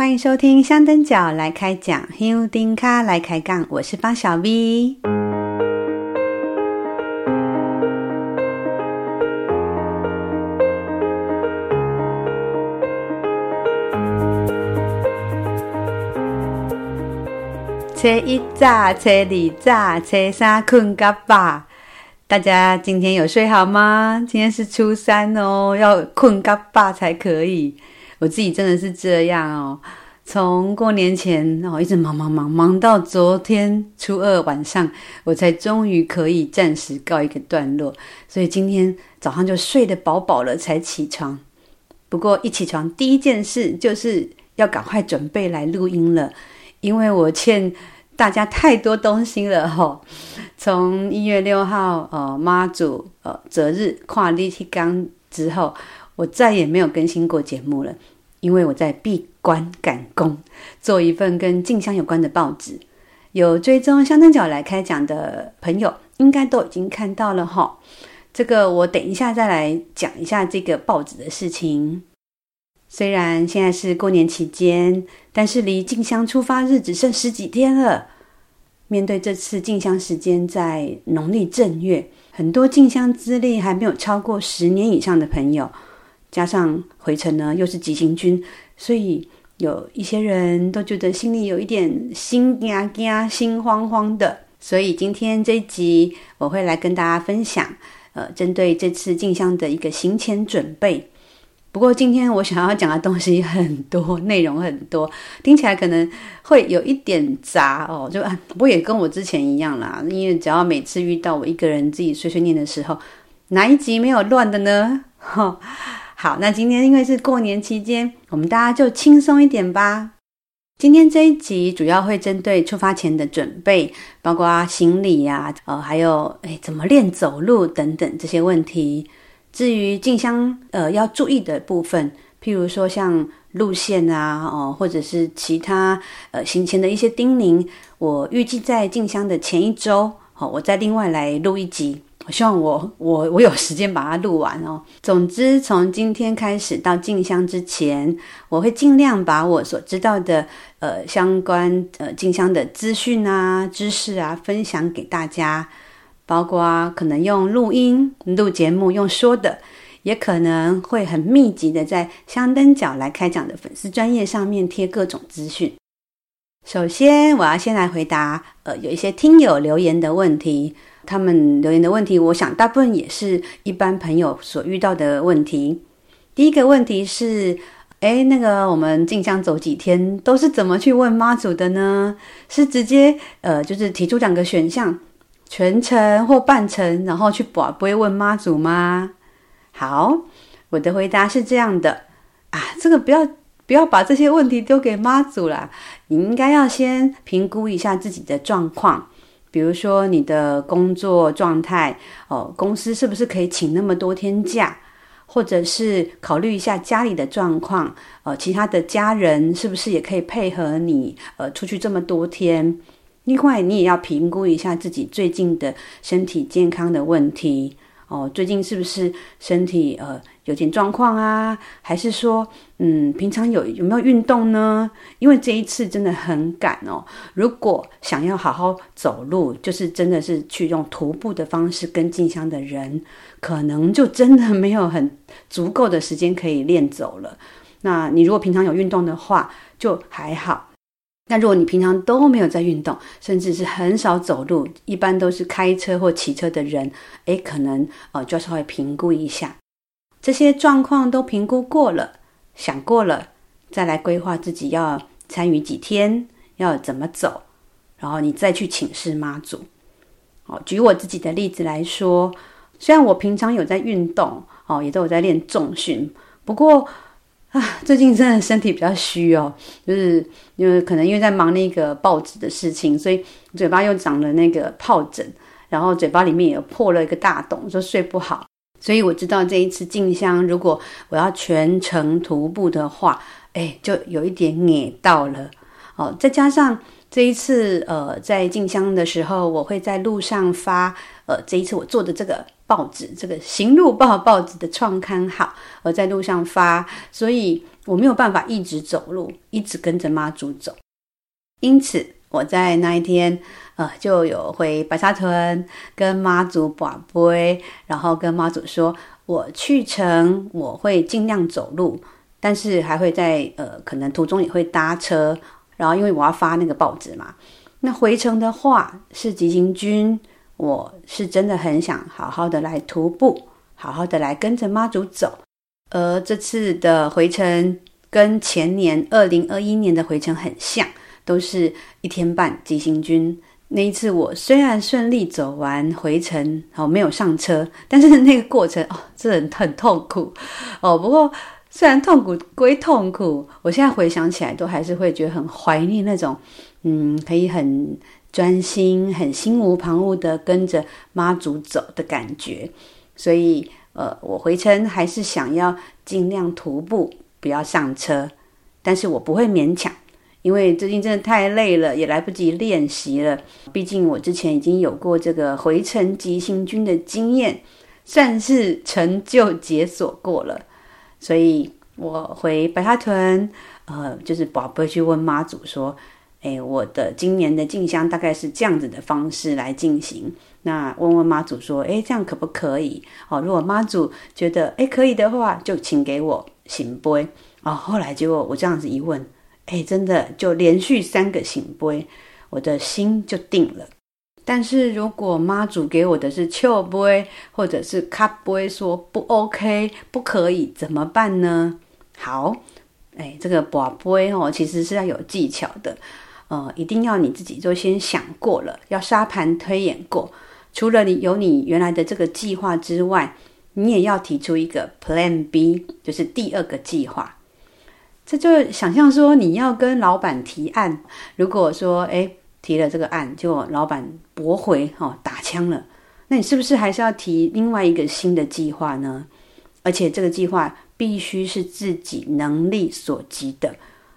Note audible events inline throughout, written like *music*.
歡迎收聽香燈腳來開講，黑烏丁咖來開槓，我是方小 V。初一早，初二早，初三睏甲飽。大家今天有睡好嗎？今天是初三哦，要睏甲飽才可以。我自己真的是這樣哦，從過年前哦一直忙忙忙忙，到昨天初二晚上，我才終於可以暫時告一個段落。所以今天早上就睡得飽飽了才起床，不過一起床第一件事就是要趕快準備來錄音了，因為我欠大家太多東西了吼、哦，從一月六號哦媽祖呃、哦、擇日跨立天罡之後。我再也沒有更新過節目了，因為我在閉關趕工，做一份跟進香有關的報紙。有追蹤香燈腳來開講的朋友，應該都已經看到了哈。這個我等一下再來講一下這個報紙的事情。雖然現在是過年期間，但是離進香出發日只剩十幾天了。面對這次進香時間在農曆正月，很多進香資歷還沒有超過十年以上的朋友。加上回程呢，又是急行軍，所以有一些人都覺得心裡有一點心驚驚、心慌慌的。所以今天這一集我會來跟大家分享，呃，針對這次進香的一個行前準備。不過今天我想要講的東西很多，內容很多，聽起來可能會有一點雜哦。就不過也跟我之前一樣啦，因為只要每次遇到我一個人自己碎碎念的時候，哪一集沒有亂的呢？哈、哦。好，那今天因為是過年期間，我們大家就輕鬆一點吧。今天這一集主要會針對出發前的準備，包括行李呀、啊，呃，還有哎怎麼練走路等等這些問題。至於進香呃要注意的部分，譬如說像路線啊，哦、呃，或者是其他呃行前的一些叮嚀，我預計在進香的前一周，好、呃，我再另外來錄一集。我希望我我我有時間把它錄完哦。總之，從今天開始到進香之前，我會盡量把我所知道的呃相關呃進香的資訊啊、知識啊分享給大家，包括可能用錄音錄節目用說的，也可能會很密集的在香燈腳來開講的粉絲專頁上面貼各種資訊。首先，我要先來回答呃有一些聽友留言的問題。他們留言的問題，我想大部分也是一般朋友所遇到的問題。第一個問題是，哎，那個我們進香，走幾天都是怎麼去問媽祖的呢？是直接呃，就是提出兩個選項，全程或半程，然後去保不，不會問媽祖嗎？好，我的回答是這樣的啊，這個不要不要把這些問題丟給媽祖啦，你應該要先評估一下自己的狀況。比如說你的工作狀態哦，呃，公司是不是可以請那麼多天假？或者是考慮一下家裡的狀況，呃，其他的家人是不是也可以配合你呃出去這麼多天？另外，你也要評估一下自己最近的身體健康的問題。哦，最近是不是身體呃有點狀況啊？還是說，嗯，平常有有沒有運動呢？因為這一次真的很趕哦。如果想要好好走路，就是真的是去用徒步的方式跟進香的人，可能就真的沒有很足夠的時間可以練走了。那你如果平常有運動的話，就還好。那如果你平常都沒有在運動，甚至是很少走路，一般都是開車或騎車的人，誒可能呃，就是會評估一下這些狀況，都評估過了，想過了，再來規劃自己要參與幾天，要怎麼走，然後你再去請示媽祖。好，哦，舉我自己的例子來說，雖然我平常有在運動，哦，也都有在練重訓，不過。啊，最近真的身體比較虛哦，就是因為可能因為在忙那個報紙的事情，所以嘴巴又長了那個皰疹，然後嘴巴裡面也破了一個大洞，就睡不好。所以我知道這一次進香，如果我要全程徒步的話，哎，就有一點累到了。哦，再加上這一次呃，在進香的時候，我會在路上發呃，這一次我做的這個。報紙這個《行路報》報紙的創刊號，我在路上發，所以我沒有辦法一直走路，一直跟着媽祖走。因此，我在那一天，呃，就有回白沙屯跟媽祖跋杯，然後跟媽祖說，我去程我會盡量走路，但是還會在呃，可能途中也會搭車。然後，因為我要發那個報紙嘛，那回程的話是急行軍。我是真的很想好好的來徒步，好好的來跟着媽祖走。而這次的回程跟前年二零二一年的回程很像，都是一天半急行軍。那一次我雖然順利走完回程，哦，沒有上車，但是那個過程哦，真的很，很痛苦哦。不過雖然痛苦歸痛苦，我現在回想起來都還是會覺得很懷念那種，嗯，可以很。專心很心無旁騖地跟着媽祖走的感覺，所以呃，我回程還是想要盡量徒步，不要上車。但是我不會勉強，因為最近真的太累了，也來不及練習了。畢竟我之前已經有過這個回程急行軍的經驗，算是成就解鎖過了。所以我回白沙屯，呃，就是寶貝去問媽祖說。哎，我的今年的進香大概是這樣子的方式來進行。那問問媽祖說，哎，這樣可不可以？哦，如果媽祖覺得哎可以的話，就請給我聖杯。哦，後來結果我這樣子一問，哎，真的就連續三個聖杯，我的心就定了。但是如果媽祖給我的是笑杯或者是卡杯，說不 OK，不可以，怎麼辦呢？好，哎，這個把杯哦，其實是要有技巧的。呃，一定要你自己就先想過了，要沙盤推演過。除了你有你原來的這個計劃之外，你也要提出一個 Plan B，就是第二個計劃。這就想象說，你要跟老闆提案，如果說誒提了這個案，就老闆駁回，哦，打槍了，那你是不是還是要提另外一個新的計劃呢？而且這個計劃必須是自己能力所及的。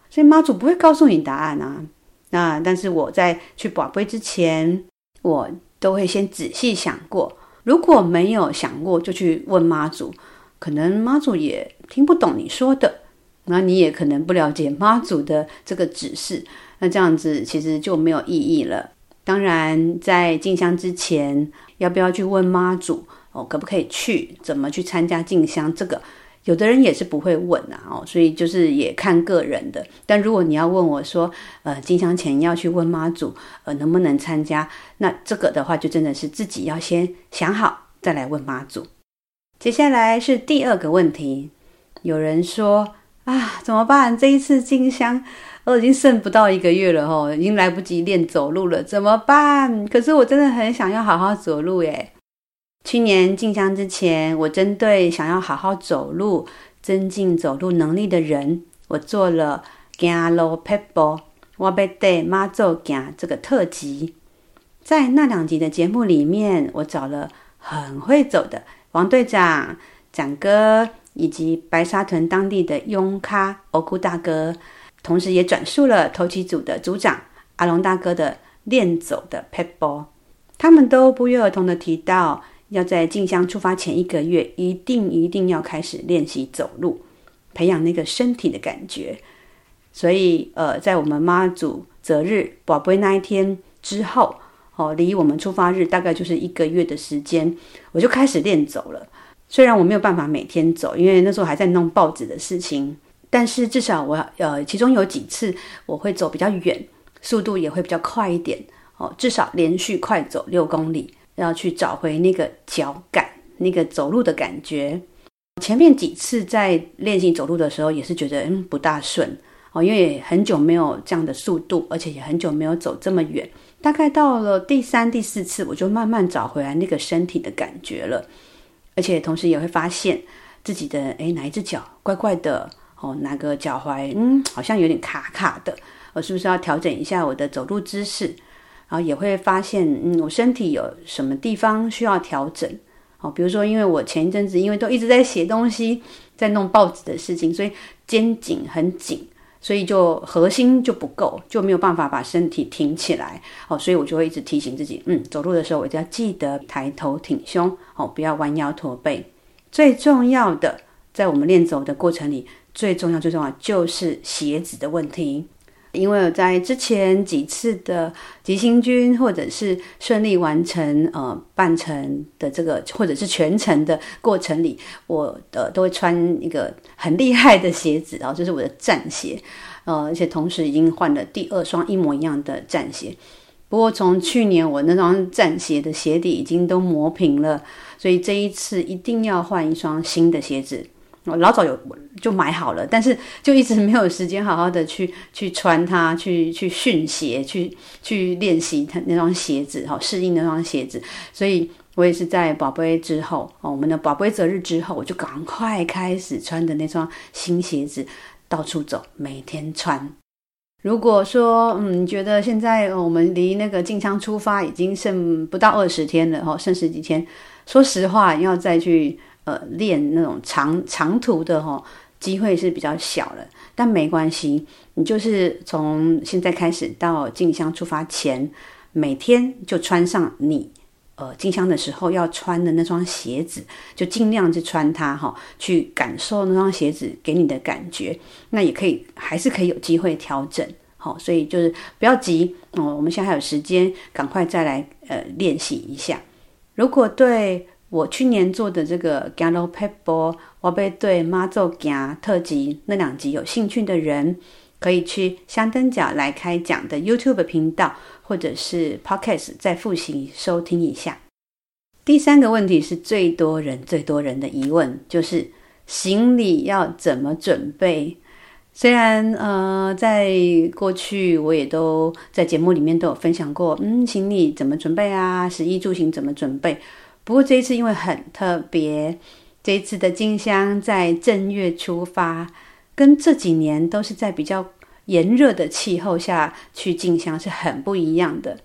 所以媽祖不會告訴你答案啊。那但是我在去寶貝之前，我都會先仔細想過。如果沒有想過，就去問媽祖，可能媽祖也聽不懂你說的，那你也可能不了解媽祖的這個指示，那這樣子其實就沒有意義了。當然，在進香之前，要不要去問媽祖哦，可不可以去，怎麼去參加進香這個？有的人也是不會問吶、啊、哦，所以就是也看個人的。但如果你要問我說，呃，進香前要去問媽祖，呃，能不能參加？那這個的話，就真的是自己要先想好，再來問媽祖。接下來是第二個問題，有人說啊，怎麼辦？這一次進香我、哦、已經剩不到一個月了哦，已經來不及練走路了，怎麼辦？可是我真的很想要好好走路耶。去年進香之前，我針對想要好好走路、增進走路能力的人，我做了《Gallo Peppa 跟 a b 撇步我被帶媽走 a 這個特輯。在那兩集的節目裡面，我找了很會走的王隊長、展哥，以及白沙屯當地的翁卡歐庫大哥，同時也轉述了頭旗組的組長阿龍大哥的練走的撇步。他們都不約而同地提到，要在進香出發前一個月，一定一定要開始練習走路，培養那個身體的感覺。所以，呃，在我們媽祖擇日跋杯那一天之後，哦，離我們出發日大概就是一個月的時間，我就開始練走了。雖然我沒有辦法每天走，因為那時候還在弄報紙的事情，但是至少我呃，其中有幾次我會走比較遠，速度也會比較快一點。哦，至少連續快走六公里，要去找回那個腳感，那個走路的感覺。前面幾次在練習走路的時候，也是覺得嗯，不大順哦，因為很久沒有這樣的速度，而且也很久沒有走這麼遠。大概到了第三、第四次，我就慢慢找回來那個身體的感覺了，而且同時也會發現自己的哎，哪一隻腳怪怪的哦，哪個腳踝嗯，好像有點卡卡的，我哦，是不是要調整一下我的走路姿勢？然後也會發現，嗯，我身體有什麼地方需要調整？哦，比如說，因為我前一陣子因為都一直在寫東西，在弄報紙的事情，所以肩頸很緊，所以就核心就不夠，就沒有辦法把身體挺起來。哦，所以我就會一直提醒自己，嗯，走路的時候我一定要記得抬頭挺胸，哦，不要彎腰駝背。最重要的，在我們練走的過程裡，最重要最重要就是鞋子的問題。因為我在之前幾次的急行軍或者是順利完成呃半程的這個或者是全程的過程裡，我呃都會穿一個很厲害的鞋子，然、哦、後就是我的戰鞋，呃，而且同時已經換了第二雙一模一樣的戰鞋。不過從去年我那雙戰鞋的鞋底已經都磨平了，所以這一次一定要換一雙新的鞋子。我老早有就買好了，但是就一直沒有時間好好的去去穿它，去去訓鞋，去去練習它那雙鞋子，哈，適應那雙鞋子。所以我也是在寶貝之後，我們的寶貝擇日之後，我就趕快開始穿的那雙新鞋子到處走，每天穿。如果說，嗯，你覺得現在我們離那個進香出發已經剩不到二十天了，哈，剩十幾天，說實話，要再去。呃，練那種長長途的哦，機會是比較小了，但沒關係，你就是從現在開始到進香出發前，每天就穿上你呃進香的時候要穿的那雙鞋子，就盡量去穿它哈、哦，去感受那雙鞋子給你的感覺。那也可以，還是可以有機會調整好、哦，所以就是不要急哦、呃，我們現在還有時間，趕快再來呃練習一下。如果對。我去年做的這個行路撇步，我被對馬祖講特輯那兩集有興趣的人，可以去香燈腳來開講的 YouTube 頻道或者是 Podcast 再複習收聽一下。第三個問題是最多人最多人的疑問，就是行李要怎麼準備？雖然呃，在過去我也都在節目裡面都有分享過，嗯，行李怎麼準備啊？食衣住行怎麼準備？不過這一次因為很特別，這一次的進香在正月出發，跟這幾年都是在比較炎熱的氣候下去進香是很不一樣的。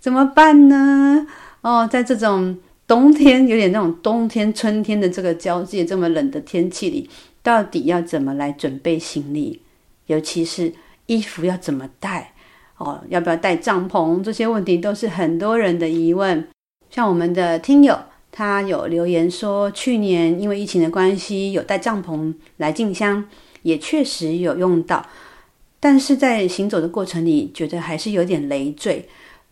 怎麼辦呢？哦，在這種冬天有點那種冬天春天的這個交界，這麼冷的天氣裡，到底要怎麼來準備行李？尤其是衣服要怎麼帶？哦，要不要帶帳篷？這些問題都是很多人的疑問。像我們的聽友，他有留言說，去年因為疫情的關係，有帶帳篷來進香，也確實有用到，但是在行走的過程裡，覺得還是有點累贅。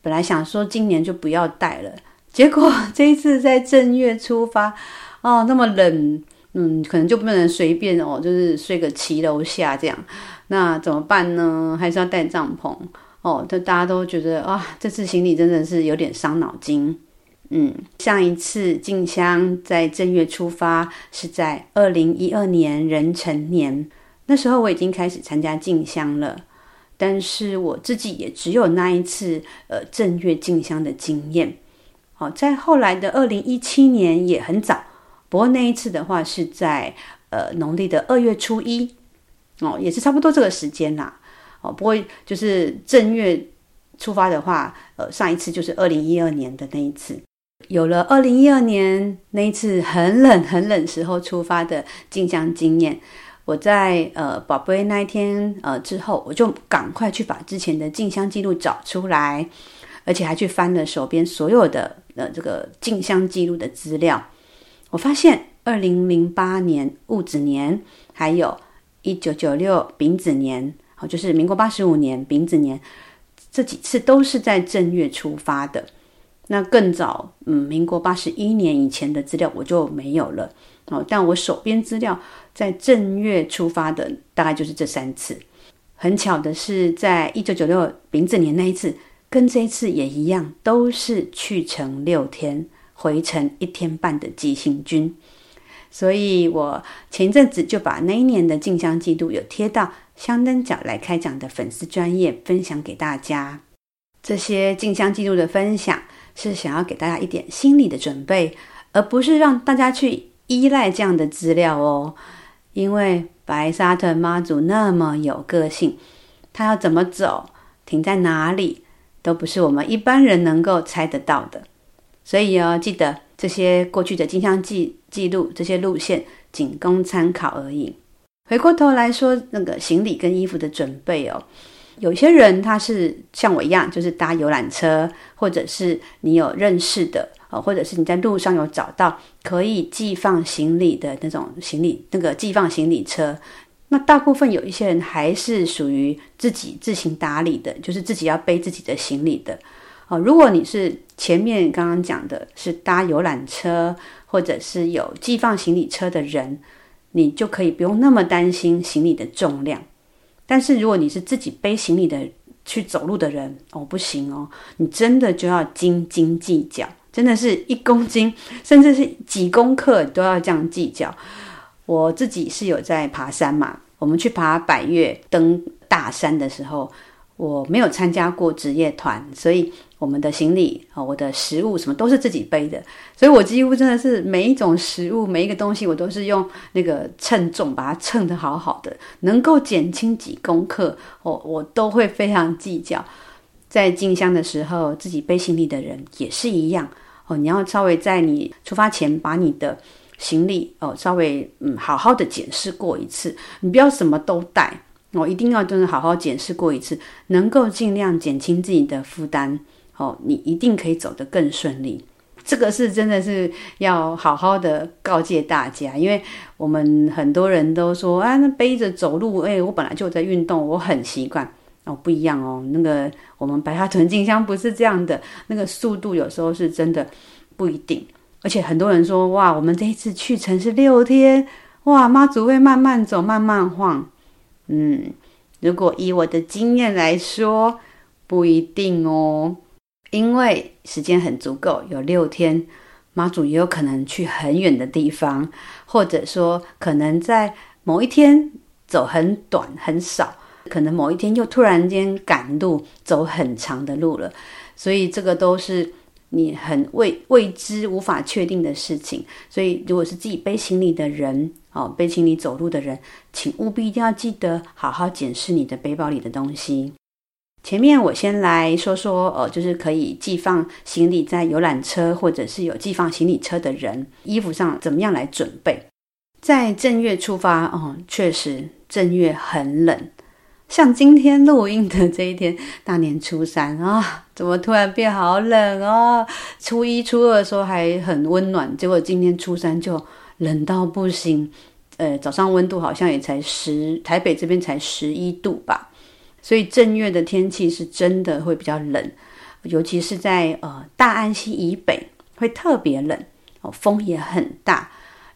本來想說今年就不要帶了，結果這一次在正月出發，哦，那麼冷，嗯，可能就不能隨便哦，就是睡個騎樓下這樣，那怎麼辦呢？還是要帶帳篷哦？這大家都覺得啊、哦，這次行李真的是有點傷腦筋。嗯，上一次進香在正月出發是在二零一二年壬辰年，那時候我已經開始參加進香了，但是我自己也只有那一次呃正月進香的經驗。好，哦，在後來的二零一七年也很早，不過那一次的話是在呃農曆的二月初一，哦，也是差不多這個時間啦。哦，不過就是正月出發的話，呃，上一次就是二零一二年的那一次。有了二零一二年那一次很冷很冷時候出發的進香經驗，我在呃寶貝那一天，呃之後，我就趕快去把之前的進香記錄找出來，而且還去翻了手邊所有的呃這個進香記錄的資料。我發現二零零八年戊子年，還有一九九六丙子年，好，就是民國八十五年丙子年，這幾次都是在正月出發的。那更早，嗯，民國八十一年以前的資料我就沒有了哦。但我手邊資料在正月出發的大概就是這三次。很巧的是，在一九九六丙子年那一次，跟這一次也一樣，都是去程六天，回程一天半的急行軍。所以我前陣子就把那一年的進香記錄有貼到香燈腳來開講的粉絲專頁分享給大家。這些進香記錄的分享，是想要給大家一點心理的準備，而不是讓大家去依賴這樣的資料哦。因為白沙屯媽祖那麼有個性，她要怎麼走、停在哪裡，都不是我們一般人能夠猜得到的。所以哦，記得這些過去的進香記記錄，這些路線僅供參考而已。回過頭來說，那個行李跟衣服的準備哦。有些人他是像我一樣，就是搭遊覽車，或者是你有認識的，啊，或者是你在路上有找到可以寄放行李的那種行李，那個寄放行李車。那大部分有一些人還是屬於自己自行打理的，就是自己要背自己的行李的。啊，如果你是前面剛剛講的是搭遊覽車，或者是有寄放行李車的人，你就可以不用那麼擔心行李的重量。但是如果你是自己背行李的去走路的人哦，不行哦，你真的就要斤斤計較，真的是一公斤甚至是幾公克都要這樣計較。我自己是有在爬山嘛，我們去爬百岳登大山的時候，我沒有參加過職業團，所以。我們的行李哦，我的食物什麼都是自己背的，所以我幾乎真的是每一種食物，每一個東西，我都是用那個稱重，把它稱得好好的，能夠減輕幾公克。哦，我都會非常計較。在進香的時候，自己背行李的人也是一樣哦，你要稍微在你出發前把你的行李哦，稍微嗯，好好的檢視過一次，你不要什麼都帶，我、哦、一定要真的好好檢視過一次，能夠儘量減輕自己的負擔。哦，你一定可以走得更順利。這個是真的是要好好的告誡大家，因為我們很多人都說啊，那背着走路，哎、欸，我本來就在運動，我很習慣。哦，不一樣哦。那個我們白沙屯進香不是這樣的，那個速度有時候是真的不一定。而且很多人說哇，我們這一次去程是六天，哇，媽祖會慢慢走，慢慢晃。嗯，如果以我的經驗來說，不一定哦。因為時間很足夠，有六天，媽祖也有可能去很遠的地方，或者說可能在某一天走很短很少，可能某一天又突然間趕路走很長的路了，所以這個都是你很未未知、無法確定的事情。所以，如果是自己背行李的人，哦，背行李走路的人，請務必一定要記得好好檢視你的背包裡的東西。前面我先來說說，呃，就是可以寄放行李在遊覽車或者是有寄放行李車的人，衣服上怎麼樣來準備？在正月出發哦、嗯，確實正月很冷。像今天錄音的這一天，大年初三啊，怎麼突然變好冷哦、啊？初一初二的時候還很溫暖，結果今天初三就冷到不行。呃，早上溫度好像也才十，台北這邊才十一度吧。所以正月的天氣是真的會比較冷，尤其是在呃大安溪以北會特別冷哦，風也很大。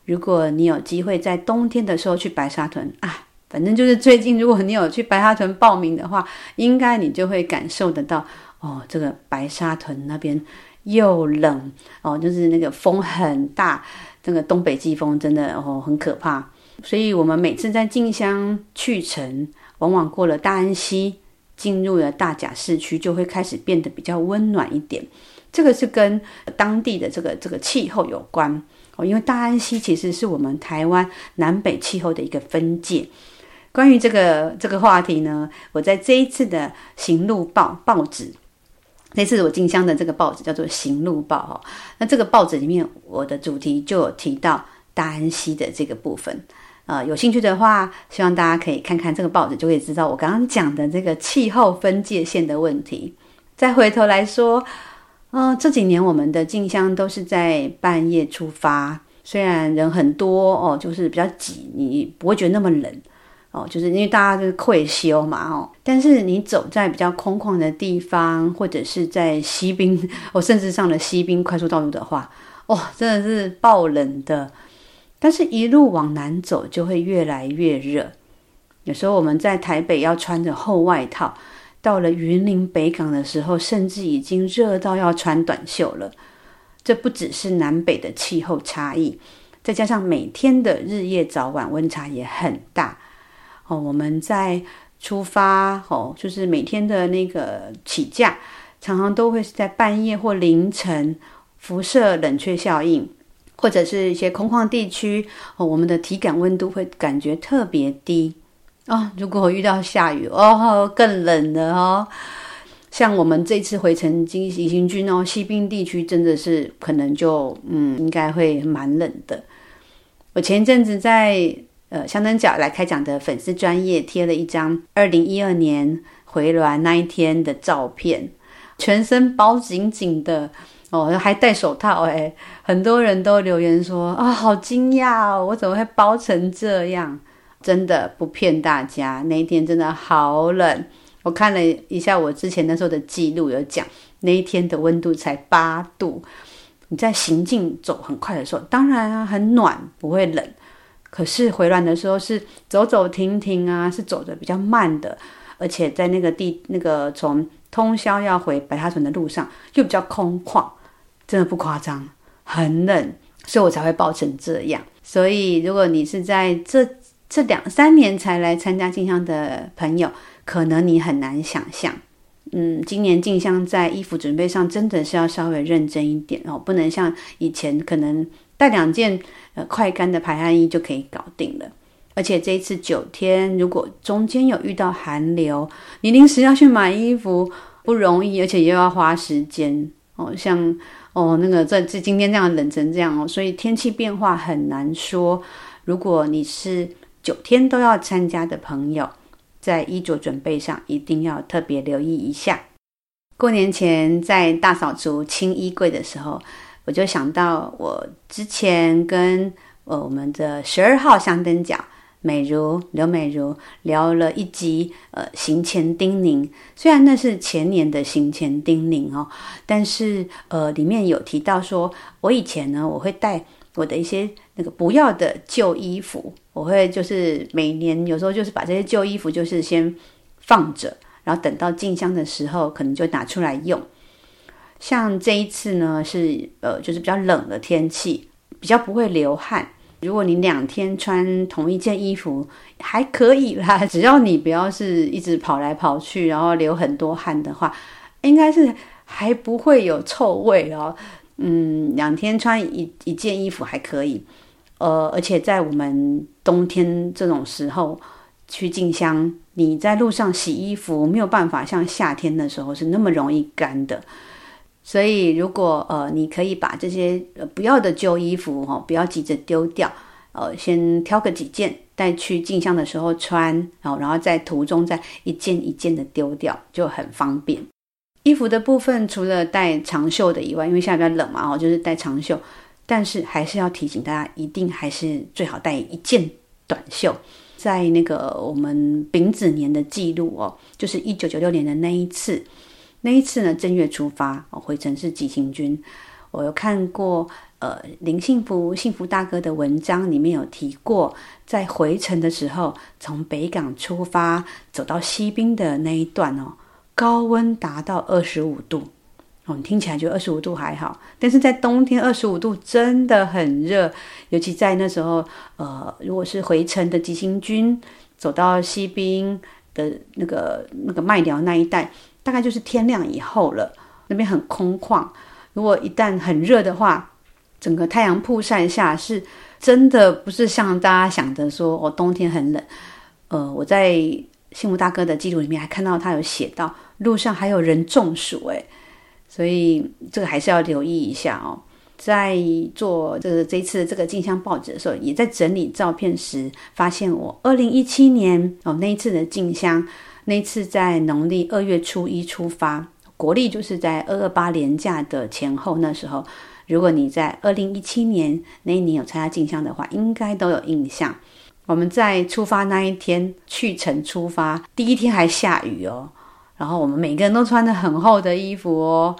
如果你有機會在冬天的時候去白沙屯啊，反正就是最近，如果你有去白沙屯報名的話，應該你就會感受得到哦，這個白沙屯那邊又冷哦，就是那個風很大，那、這個東北季風真的哦很可怕。所以我們每次在進香去程，往往過了大安溪，進入了大甲市區，就會開始變得比較溫暖一點。這個是跟當地的這個這個氣候有關哦，因為大安溪其實是我們台灣南北氣候的一個分界。關於這個這個話題呢，我在這一次的《行路報》報紙，這次我進香的這個報紙叫做《行路報》哈、哦。那這個報紙裡面，我的主題就有提到大安溪的這個部分。呃，有興趣的話，希望大家可以看看這個報紙，就可以知道我剛剛講的這個氣候分界線的問題。再回頭來說，呃，這幾年我們的進香都是在半夜出發，雖然人很多哦，就是比較擠，你不會覺得那麼冷哦，就是因為大家就是會休嘛哦。但是你走在比較空曠的地方，或者是在西濱，我、哦、甚至上了西濱快速道路的話，哦，真的是爆冷的。但是，一路往南走，就會越來越熱。有時候我們在台北要穿着厚外套，到了雲林北港的時候，甚至已經熱到要穿短袖了。這不只是南北的氣候差異，再加上每天的日夜早晚溫差也很大。哦，我們在出發，哦，就是每天的那個起駕常常都會是在半夜或凌晨，輻射冷卻效應。或者是一些空曠地區，哦，我們的體感溫度會感覺特別低啊，哦。如果遇到下雨，哦，更冷了哦。像我們這次回程經行軍哦，西濱地區真的是可能就嗯，應該會蠻冷的。我前陣子在呃香燈腳來開講的粉絲專頁貼了一張二零一二年回鑾那一天的照片，全身包緊緊的。哦，還戴手套誒，很多人都留言說啊，哦，好驚訝哦，我怎麼會包成這樣？真的不騙大家，那一天真的好冷。我看了一下我之前那時候的記錄，有講那一天的溫度才八度。你在行進走很快的時候，當然啊很暖不會冷，可是回暖的時候是走走停停啊，是走的比較慢的，而且在那個地那個從通宵要回白沙屯的路上，又比較空曠。真的不誇張，很冷，所以我才會抱成這樣。所以，如果你是在這這兩三年才來參加進香的朋友，可能你很難想象。嗯，今年進香在衣服準備上真的是要稍微認真一點哦，不能像以前可能帶兩件呃快乾的排汗衣就可以搞定了。而且這一次九天，如果中間有遇到寒流，你臨時要去買衣服不容易，而且又要花時間哦，像。哦，那個這這今天這樣冷成這樣哦，所以天氣變化很難說。如果你是九天都要參加的朋友，在衣着準備上一定要特別留意一下。過年前在大掃除清衣櫃的時候，我就想到我之前跟呃我們的十二號香燈腳。美如劉美如聊了一集，呃，行前叮嚀。雖然那是前年的行前叮嚀哦，但是呃，裡面有提到說，我以前呢，我會帶我的一些那個不要的舊衣服，我會就是每年有時候就是把這些舊衣服就是先放着，然後等到進香的時候可能就拿出來用。像這一次呢，是呃，就是比較冷的天氣，比較不會流汗。如果你兩天穿同一件衣服還可以啦，只要你不要是一直跑來跑去，然後流很多汗的話，應該是還不會有臭味哦。嗯，兩天穿一一件衣服還可以。呃，而且在我們冬天這種時候去進香，你在路上洗衣服沒有辦法像夏天的時候是那麼容易乾的。所以，如果呃，你可以把這些呃不要的舊衣服哈、哦，不要急着丟掉，呃，先挑個幾件帶去進香的時候穿，哦，然後在途中再一件一件的丟掉，就很方便。衣服的部分，除了帶長袖的以外，因為現在比較冷嘛，哦，就是帶長袖，但是還是要提醒大家，一定還是最好帶一件短袖。在那個我們丙子年的記錄哦，就是一九九六年的那一次。那一次呢，正月出發，回程是急行軍。我有看過，呃，林幸福幸福大哥的文章，裡面有提過，在回程的時候，從北港出發走到西濱的那一段哦，高溫達到二十五度。哦，你聽起來就二十五度還好，但是在冬天二十五度真的很熱，尤其在那時候，呃，如果是回程的急行軍，走到西濱的那個那個麥寮那一帶。大概就是天亮以後了，那邊很空曠。如果一旦很熱的話，整個太陽曝曬下是真的不是像大家想的說哦，冬天很冷。呃，我在幸福大哥的記錄裡面還看到他有寫到路上還有人中暑誒、欸，所以這個還是要留意一下哦。在做這個這一次這個進香報紙的時候，也在整理照片時發現我二零一七年哦，那一次的進香。那次在農曆二月初一出發，國歷就是在二二八年假的前後。那時候，如果你在二零一七年那一年有參加進香的話，應該都有印象。我們在出發那一天去程出發，第一天還下雨哦，然後我們每個人都穿得很厚的衣服哦。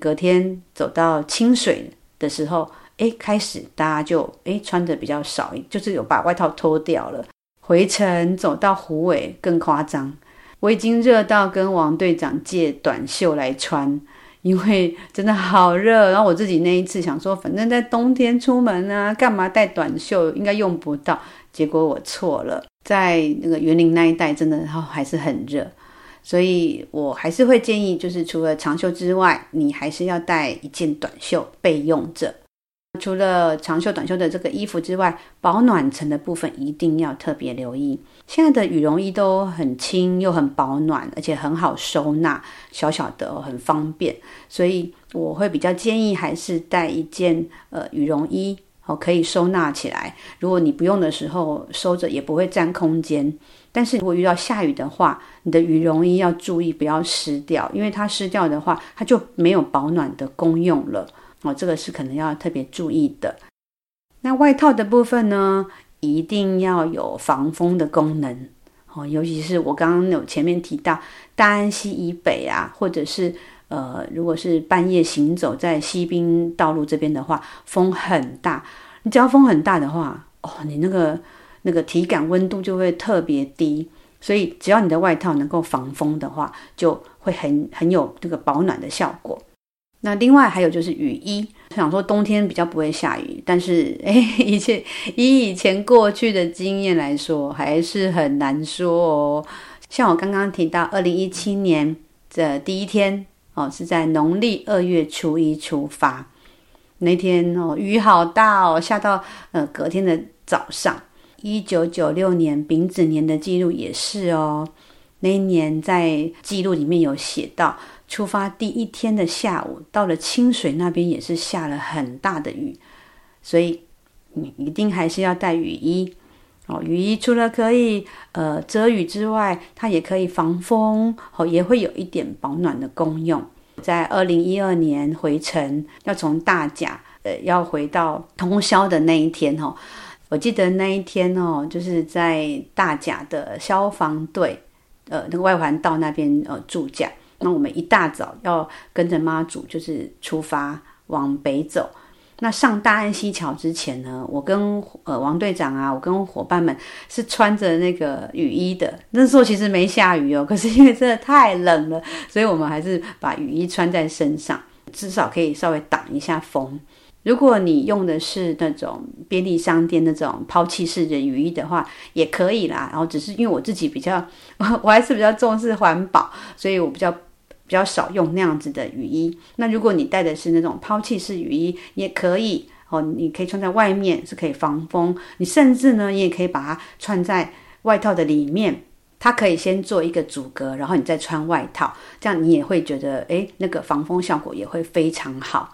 隔天走到清水的時候，哎，開始大家就哎穿得比較少，就是有把外套脫掉了。回程走到湖尾更誇張。我已經熱到跟王隊長借短袖來穿，因為真的好熱。然後我自己那一次想說，反正在冬天出門啊，幹嘛帶短袖？應該用不到。結果我錯了，在那個雲林那一帶，真的然後、哦、還是很熱，所以我還是會建議，就是除了長袖之外，你還是要帶一件短袖備用着。除了長袖、短袖的這個衣服之外，保暖層的部分一定要特別留意。現在的羽絨衣都很輕，又很保暖，而且很好收納，小小的哦，很方便。所以我會比較建議還是帶一件呃羽絨衣哦，可以收納起來。如果你不用的時候收着，也不會佔空間。但是如果遇到下雨的話，你的羽絨衣要注意不要濕掉，因為它濕掉的話，它就沒有保暖的功用了。哦，這個是可能要特別注意的。那外套的部分呢，一定要有防風的功能。哦，尤其是我剛剛有前面提到，大安溪以北啊，或者是呃，如果是半夜行走在西濱道路這邊的話，風很大。你只要風很大的話，哦，你那個那個體感溫度就會特別低。所以，只要你的外套能夠防風的話，就會很很有這個保暖的效果。那另外還有就是雨衣，想說冬天比較不會下雨，但是哎，一切以以前過去的經驗來說，還是很難說哦。像我剛剛提到，二零一七年的第一天哦，是在農曆二月初一出發，那天哦，雨好大哦，下到呃隔天的早上。一九九六年丙子年的記錄也是哦，那一年在記錄裡面有寫到。出發第一天的下午，到了清水那邊也是下了很大的雨，所以你一定還是要帶雨衣哦。雨衣除了可以呃遮雨之外，它也可以防風，哦也會有一點保暖的功用。在二零一二年回程要從大甲呃要回到通霄的那一天哦，我記得那一天哦，就是在大甲的消防隊呃那個外環道那邊呃駐駕。那我們一大早要跟着媽祖，就是出發往北走。那上大安溪橋之前呢，我跟呃王隊長啊，我跟夥伴們是穿着那個雨衣的。那時候其實沒下雨哦，可是因為真的太冷了，所以我們還是把雨衣穿在身上，至少可以稍微擋一下風。如果你用的是那種便利商店那種拋棄式的雨衣的話，也可以啦。然後只是因為我自己比較，我還是比較重視環保，所以我比較。比較少用那樣子的雨衣，那如果你帶的是那種拋棄式雨衣，也可以哦，你可以穿在外面，是可以防風。你甚至呢，你也可以把它穿在外套的裡面，它可以先做一個阻隔，然後你再穿外套，這樣你也會覺得，誒、欸，那個防風效果也會非常好。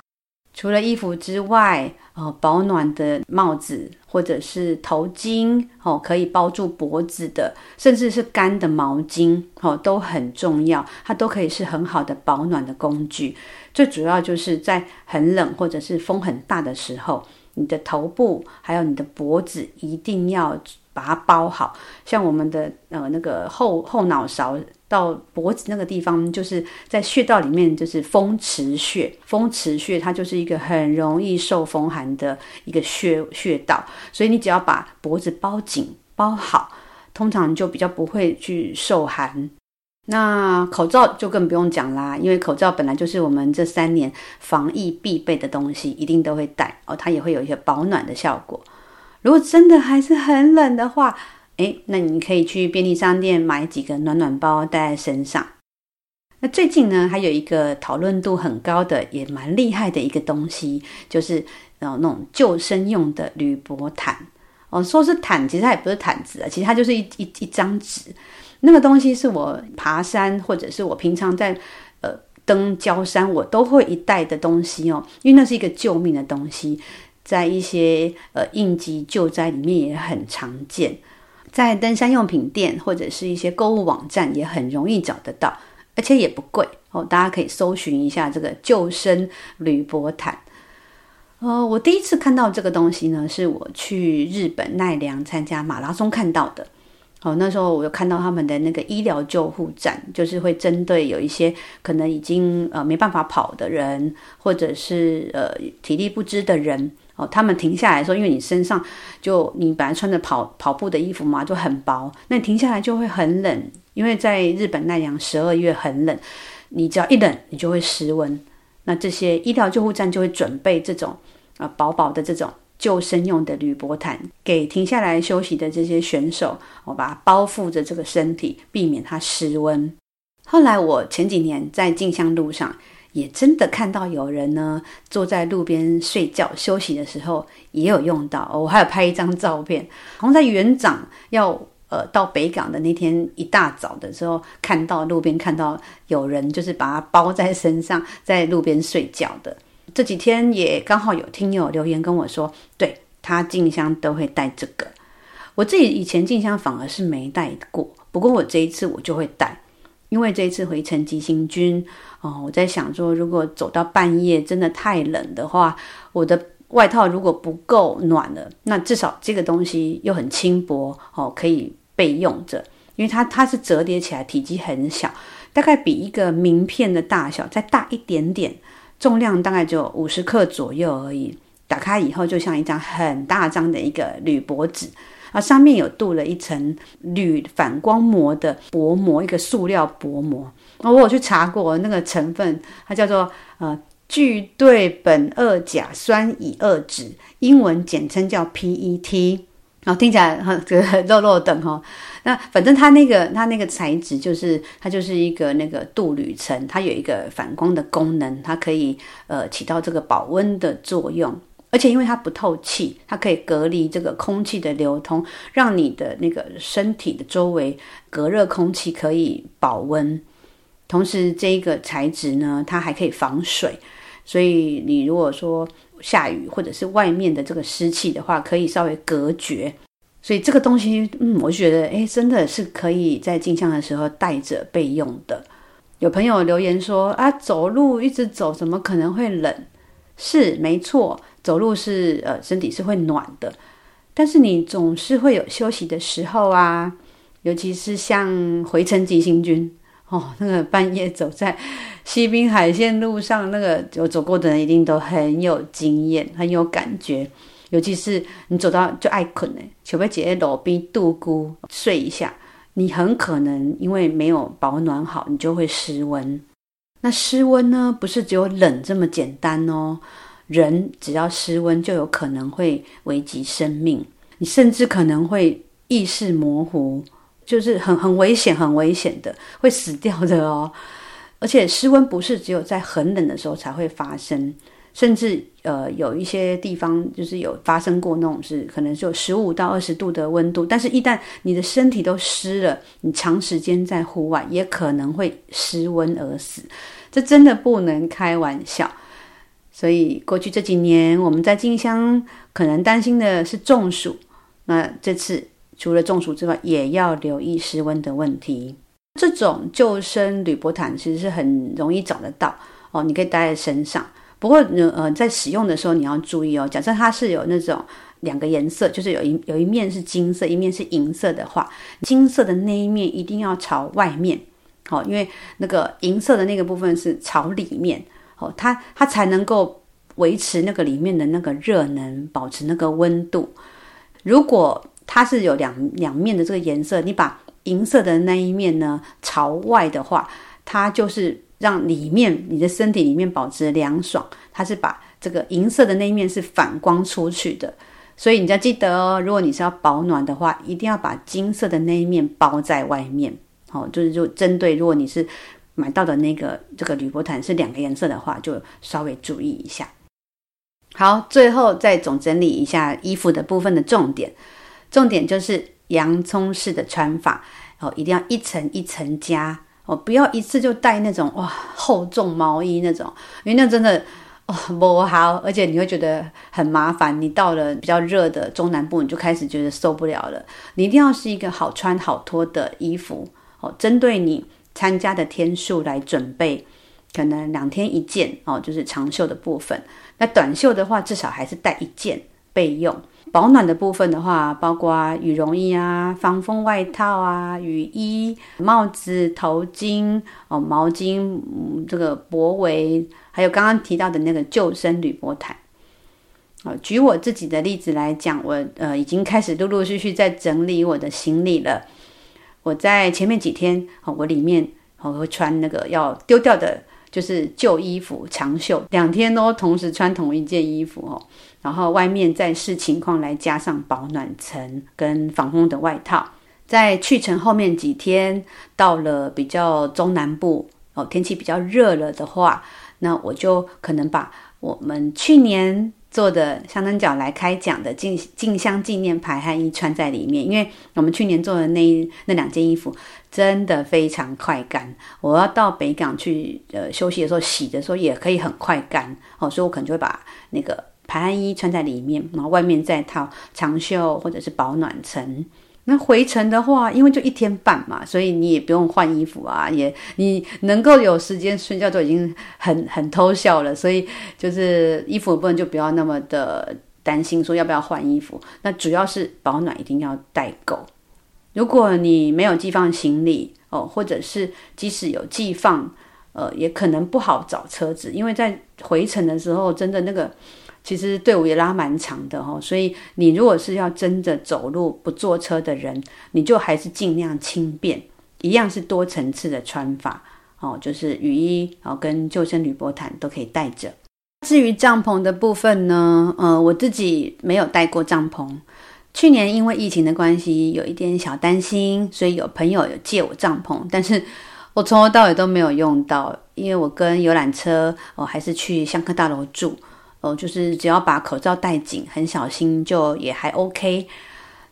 除了衣服之外，呃，保暖的帽子或者是頭巾，哦，可以包住脖子的，甚至是乾的毛巾，哦，都很重要。它都可以是很好的保暖的工具。最主要就是在很冷或者是風很大的時候，你的頭部還有你的脖子一定要把它包好，像我們的呃那個後後腦勺。到脖子那個地方，就是在穴道裡面，就是風池穴。風池穴它就是一個很容易受風寒的一個穴穴道，所以你只要把脖子包緊包好，通常就比較不會去受寒。那口罩就更不用講啦，因為口罩本來就是我們這三年防疫必備的東西，一定都會戴，哦。它也會有一些保暖的效果。如果真的還是很冷的話，哎，那你可以去便利商店買幾個暖暖包帶在身上。那最近呢，還有一個討論度很高的，也蠻厲害的一個東西，就是那種救生用的鋁箔毯哦，說是毯，其實它也不是毯子啊，其實它就是一一一張紙。那個東西是我爬山或者是我平常在呃登郊山，我都會一帶的東西哦，因為那是一個救命的東西，在一些呃應急救災裡面也很常見。在登山用品店或者是一些購物網站也很容易找得到，而且也不貴哦。大家可以搜尋一下這個救生鋁箔毯。呃，我第一次看到這個東西呢，是我去日本奈良參加馬拉松看到的。哦，那時候我就看到他們的那個醫療救護站，就是會針對有一些可能已經呃沒辦法跑的人，或者是呃體力不支的人。哦，他們停下來的時候，因為你身上就你本來穿着跑跑步的衣服嘛，就很薄，那你停下來就會很冷。因為在日本奈良十二月很冷，你只要一冷，你就會失溫。那這些醫療救護站就會準備這種啊、呃、薄薄的這種救生用的鋁箔毯，給停下來休息的這些選手，我、哦、把它包覆着這個身體，避免它失溫。後來我前幾年在進香路上。也真的看到有人呢，坐在路邊睡覺休息的時候也有用到、哦。我還有拍一張照片，好像在元長要呃到北港的那天一大早的時候，看到路邊看到有人就是把它包在身上，在路邊睡覺的。這幾天也剛好有聽友留言跟我說，對他進香都會帶這個，我自己以前進香反而是沒帶過，不過我這一次我就會帶，因為這一次回程急行軍。哦，我在想說，如果走到半夜真的太冷的話，我的外套如果不夠暖了，那至少這個東西又很輕薄哦，可以備用着，因為它它是摺疊起來體積很小，大概比一個名片的大小再大一點點，重量大概就五十克左右而已。打開以後就像一張很大張的一個鋁箔紙啊，上面有鍍了一層鋁反光膜的薄膜，一個塑料薄膜。我有去查過，那個成分它叫做呃聚對苯二甲酸乙二酯，英文簡稱叫 PET。哦，聽起來很肉肉的哈、哦。那反正它那個它那個材質就是它就是一個那個鍍鋁層，它有一個反光的功能，它可以呃起到這個保溫的作用。而且因為它不透氣，它可以隔離這個空氣的流通，讓你的那個身體的周圍隔熱空氣可以保溫。同時，這一個材質呢，它還可以防水，所以你如果說下雨或者是外面的這個濕氣的話，可以稍微隔絕。所以這個東西，嗯，我覺得，哎，真的是可以在進香的時候帶着備用的。有朋友留言說，啊，走路一直走，怎麼可能會冷？是沒錯，走路是呃，身體是會暖的，但是你總是會有休息的時候啊，尤其是像回程急行軍。哦，那個半夜走在西濱海線路上，那個有走過的人一定都很有經驗，很有感覺。尤其是你走到就愛睏呢，求被姐姐路邊度孤睡一下，你很可能因為沒有保暖好，你就會失溫。那失溫呢，不是只有冷這麼簡單哦。人只要失溫，就有可能會危及生命。你甚至可能會意識模糊。就是很很危險、很危險的，會死掉的哦。而且失溫不是只有在很冷的時候才會發生，甚至呃有一些地方就是有發生過那種是可能就十五到二十度的溫度，但是一旦你的身體都濕了，你長時間在戶外也可能會失溫而死，這真的不能開玩笑。所以過去這幾年我們在進香可能擔心的是中暑，那這次。除了中暑之外，也要留意失溫的問題。這種救生鋁箔毯其實是很容易找得到哦，你可以帶在身上。不過呢，呃，在使用的時候你要注意哦。假設它是有那種兩個顏色，就是有一有一面是金色，一面是銀色的話，金色的那一面一定要朝外面哦，因為那個銀色的那個部分是朝裡面哦，它它才能夠維持那個裡面的那個熱能，保持那個溫度。如果它是有兩兩面的這個顏色，你把銀色的那一面呢朝外的話，它就是讓裡面你的身體裡面保持涼爽。它是把這個銀色的那一面是反光出去的，所以你要記得哦，如果你是要保暖的話，一定要把金色的那一面包在外面。好、哦，就是就針對如果你是買到的那個這個鋁箔毯是兩個顏色的話，就稍微注意一下。好，最後再總整理一下衣服的部分的重點。重點就是洋蔥式的穿法哦，一定要一層一層加哦，不要一次就帶那種哇厚重毛衣那種，因為那真的哦不好，而且你會覺得很麻煩。你到了比較熱的中南部，你就開始覺得受不了了。你一定要是一個好穿好脫的衣服哦，針對你參加的天數來準備，可能兩天一件哦，就是長袖的部分。那短袖的話，至少還是帶一件備用。保暖的部分的話，包括羽絨衣啊、防風外套啊、雨衣、帽子、頭巾哦、毛巾、嗯、這個薄圍，還有剛剛提到的那個救生鋁箔毯。好、哦，舉我自己的例子來講，我呃已經開始陸陸續續續在整理我的行李了。我在前面幾天，哦、我裡面我、哦、會穿那個要丟掉的，就是舊衣服，長袖，兩天都同時穿同一件衣服哦。然後外面再視情況來加上保暖層跟防風的外套。在去程後面幾天到了比較中南部哦，天氣比較熱了的話，那我就可能把我們去年做的香燈腳來開講的進進香紀念排汗衣穿在裡面，因為我們去年做的那一，那兩件衣服真的非常快乾。我要到北港去呃休息的時候洗的時候也可以很快乾哦，所以我可能就會把那個。排汗衣穿在裡面，然後外面再套長袖或者是保暖層。那回程的話，因為就一天半嘛，所以你也不用換衣服啊，也你能夠有時間睡覺都已經很很偷笑了。所以就是衣服的部分就不要那麼的擔心，說要不要換衣服。那主要是保暖一定要帶夠。如果你沒有寄放行李哦，或者是即使有寄放，呃，也可能不好找車子，因為在回程的時候，真的那個。其實隊伍也拉蠻長的齁，所以你如果是要真的走路不坐車的人，你就還是盡量輕便，一樣是多層次的穿法哦，就是雨衣哦跟救生鋁箔毯都可以帶着。至於帳篷的部分呢，呃，我自己沒有帶過帳篷，去年因為疫情的關係有一點小擔心，所以有朋友有借我帳篷，但是我從頭到尾都沒有用到，因為我跟遊覽車哦、呃，還是去香客大樓住。哦，就是只要把口罩戴緊，很小心，就也還 OK。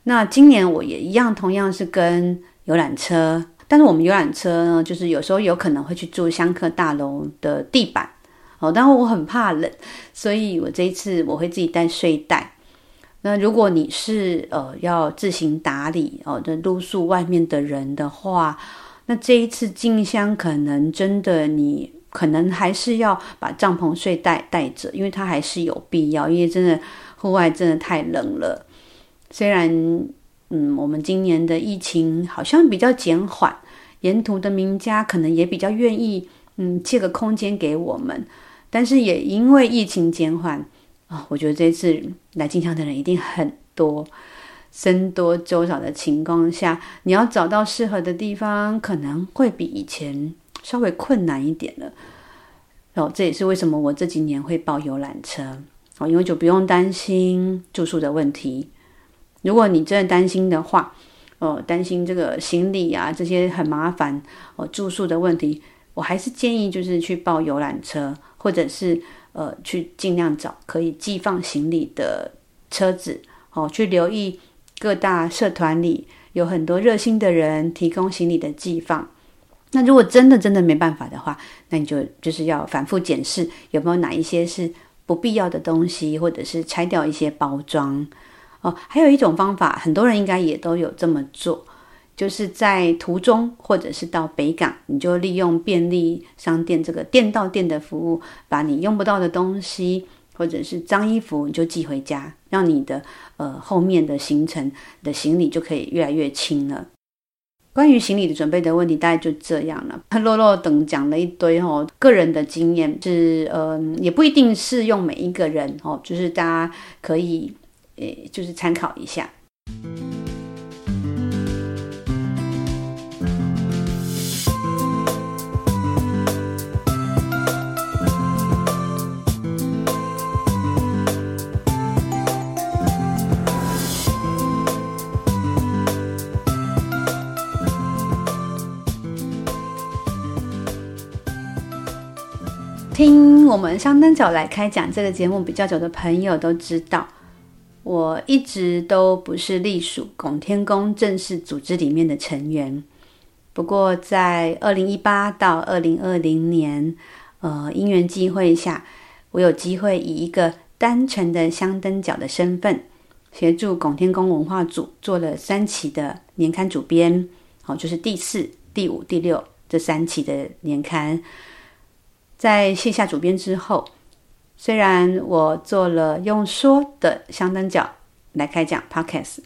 那今年我也一樣，同樣是跟遊覽車，但是我們遊覽車呢，就是有時候有可能會去住香客大樓的地板。哦，但我很怕冷，所以我這一次我會自己帶睡袋。那如果你是呃要自行打理哦就露宿外面的人的話，那這一次進香可能真的你。可能還是要把帳篷睡袋帶，帶着，因為它還是有必要。因為真的戶外真的太冷了。雖然，嗯，我們今年的疫情好像比較減緩，沿途的民家可能也比較願意，嗯，借個空間給我們。但是也因為疫情減緩啊、哦，我覺得這次來進香的人一定很多，僧多粥少的情況下，你要找到適合的地方，可能會比以前。稍微困難一點了，哦，這也是為什麼我這幾年會報遊覽車，哦，因為就不用擔心住宿的問題。如果你真的擔心的話，哦、呃，擔心這個行李啊，這些很麻煩，哦，住宿的問題，我還是建議就是去報遊覽車，或者是呃去儘量找可以寄放行李的車子，哦，去留意各大社團裡有很多熱心的人提供行李的寄放。那如果真的真的沒辦法的話，那你就就是要反覆檢視有沒有哪一些是不必要的東西，或者是拆掉一些包裝哦。還有一種方法，很多人應該也都有這麼做，就是在途中或者是到北港，你就利用便利商店這個店到店的服務，把你用不到的東西或者是髒衣服，你就寄回家，讓你的呃後面的行程的行李就可以越來越輕了。關於行李的準備的問題，大概就這樣了。洛洛等講了一堆吼、哦，個人的經驗是嗯、呃，也不一定適用每一個人吼、哦，就是大家可以誒，就是參考一下。我們香燈腳來開講這個節目比較久的朋友都知道，我一直都不是隸屬拱天宮正式組織裡面的成員。不過在二零一八到二零二零年，呃，因緣際會下，我有機會以一個單純的香燈腳的身份，協助拱天宮文化組做了三期的年刊主編，好、哦，就是第四、第五、第六這三期的年刊。在卸下主編之後，雖然我做了用說的香燈腳來開講 podcast，